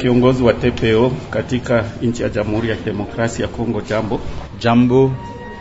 Kiongozi wa TPO katika nchi ya Jamhuri ya Kidemokrasia ya Kongo, jambo jambo.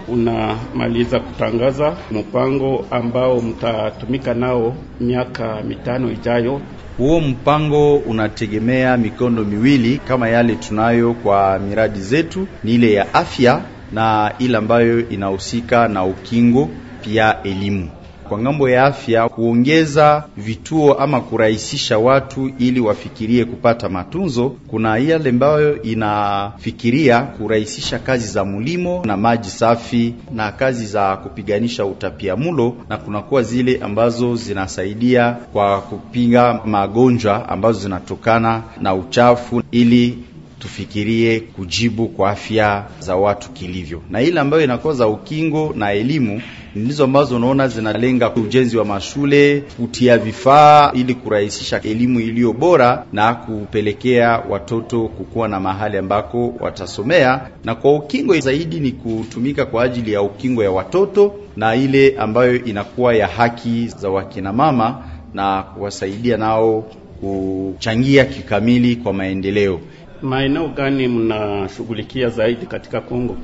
Unamaliza kutangaza mpango ambao mtatumika nao miaka mitano ijayo. Huo mpango unategemea mikondo miwili kama yale tunayo kwa miradi zetu, ni ile ya afya na ile ambayo inahusika na ukingo, pia elimu kwa ngambo ya afya, kuongeza vituo ama kurahisisha watu ili wafikirie kupata matunzo. Kuna yale ambayo inafikiria kurahisisha kazi za mulimo na maji safi na kazi za kupiganisha utapia mulo, na kunakuwa zile ambazo zinasaidia kwa kupinga magonjwa ambazo zinatokana na uchafu ili tufikirie kujibu kwa afya za watu kilivyo, na ile ambayo inakuwa za ukingo na elimu ndizo ambazo unaona zinalenga ujenzi wa mashule, kutia vifaa ili kurahisisha elimu iliyo bora na kupelekea watoto kukuwa na mahali ambako watasomea. Na kwa ukingo zaidi ni kutumika kwa ajili ya ukingo ya watoto na ile ambayo inakuwa ya haki za wakinamama na kuwasaidia nao kuchangia kikamili kwa maendeleo. Maeneo gani mnashughulikia zaidi katika Kongo?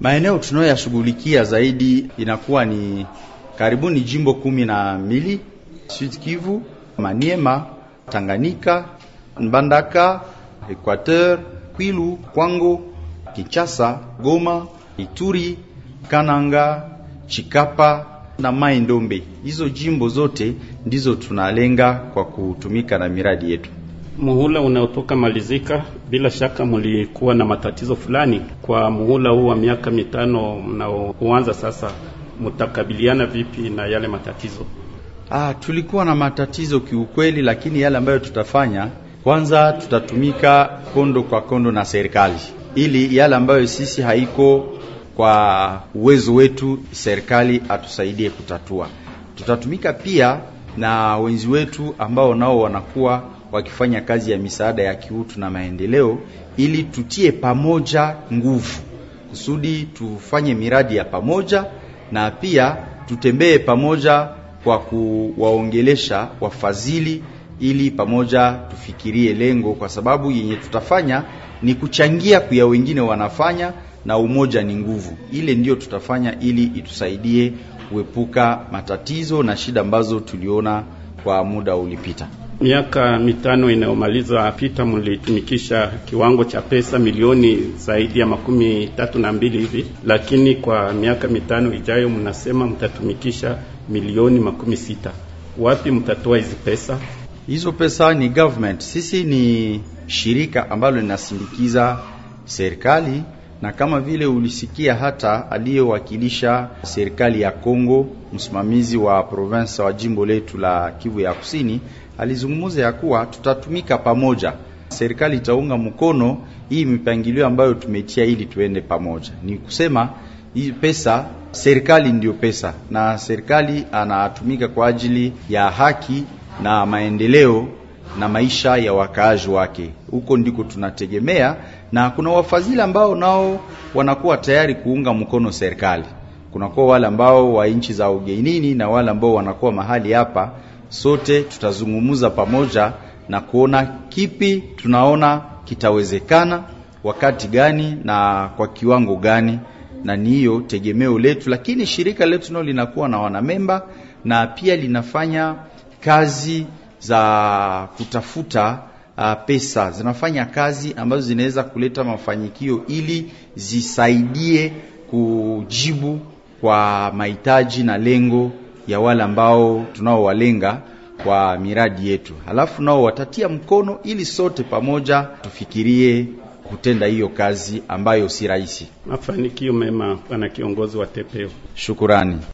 Maeneo tunayoyashughulikia zaidi inakuwa ni karibuni jimbo kumi na mbili: Sud Kivu, Maniema, Tanganyika, Mbandaka, Equateur, Kwilu, Kwango, Kinshasa, Goma, Ituri, Kananga, Chikapa na Mai Ndombe. Hizo jimbo zote ndizo tunalenga kwa kutumika na miradi yetu muhula unaotoka malizika, bila shaka mulikuwa na matatizo fulani. Kwa muhula huu wa miaka mitano mnaoanza sasa, mutakabiliana vipi na yale matatizo? Ah, tulikuwa na matatizo kiukweli, lakini yale ambayo tutafanya, kwanza tutatumika kondo kwa kondo na serikali, ili yale ambayo sisi haiko kwa uwezo wetu, serikali atusaidie kutatua. Tutatumika pia na wenzi wetu ambao nao wanakuwa wakifanya kazi ya misaada ya kiutu na maendeleo, ili tutie pamoja nguvu kusudi tufanye miradi ya pamoja, na pia tutembee pamoja kwa kuwaongelesha wafadhili, ili pamoja tufikirie lengo, kwa sababu yenye tutafanya ni kuchangia kuya wengine wanafanya, na umoja ni nguvu. Ile ndiyo tutafanya ili itusaidie kuepuka matatizo na shida ambazo tuliona kwa muda ulipita miaka mitano inayomaliza pita, mlitumikisha kiwango cha pesa milioni zaidi ya makumi tatu na mbili hivi, lakini kwa miaka mitano ijayo mnasema mtatumikisha milioni makumi sita. Wapi mtatoa hizi pesa? Hizo pesa ni government. Sisi ni shirika ambalo linasindikiza serikali na kama vile ulisikia hata aliyewakilisha serikali ya Kongo, msimamizi wa provensa wa jimbo letu la Kivu ya Kusini alizungumza ya kuwa tutatumika pamoja, serikali itaunga mkono hii mipangilio ambayo tumetia ili tuende pamoja. Ni kusema hii pesa serikali ndiyo pesa, na serikali anatumika kwa ajili ya haki na maendeleo na maisha ya wakaaji wake. Huko ndiko tunategemea, na kuna wafadhili ambao nao wanakuwa tayari kuunga mkono serikali. Kunakuwa wale ambao wa nchi za ugenini na wale ambao wanakuwa mahali hapa. Sote tutazungumza pamoja na kuona kipi tunaona kitawezekana wakati gani na kwa kiwango gani, na ni hiyo tegemeo letu. Lakini shirika letu nalo linakuwa na wanamemba na pia linafanya kazi za kutafuta uh, pesa zinafanya kazi ambazo zinaweza kuleta mafanikio ili zisaidie kujibu kwa mahitaji na lengo ya wale ambao tunaowalenga kwa miradi yetu, halafu nao watatia mkono ili sote pamoja tufikirie kutenda hiyo kazi ambayo si rahisi. Mafanikio mema, bwana kiongozi wa Tepeo. Shukurani.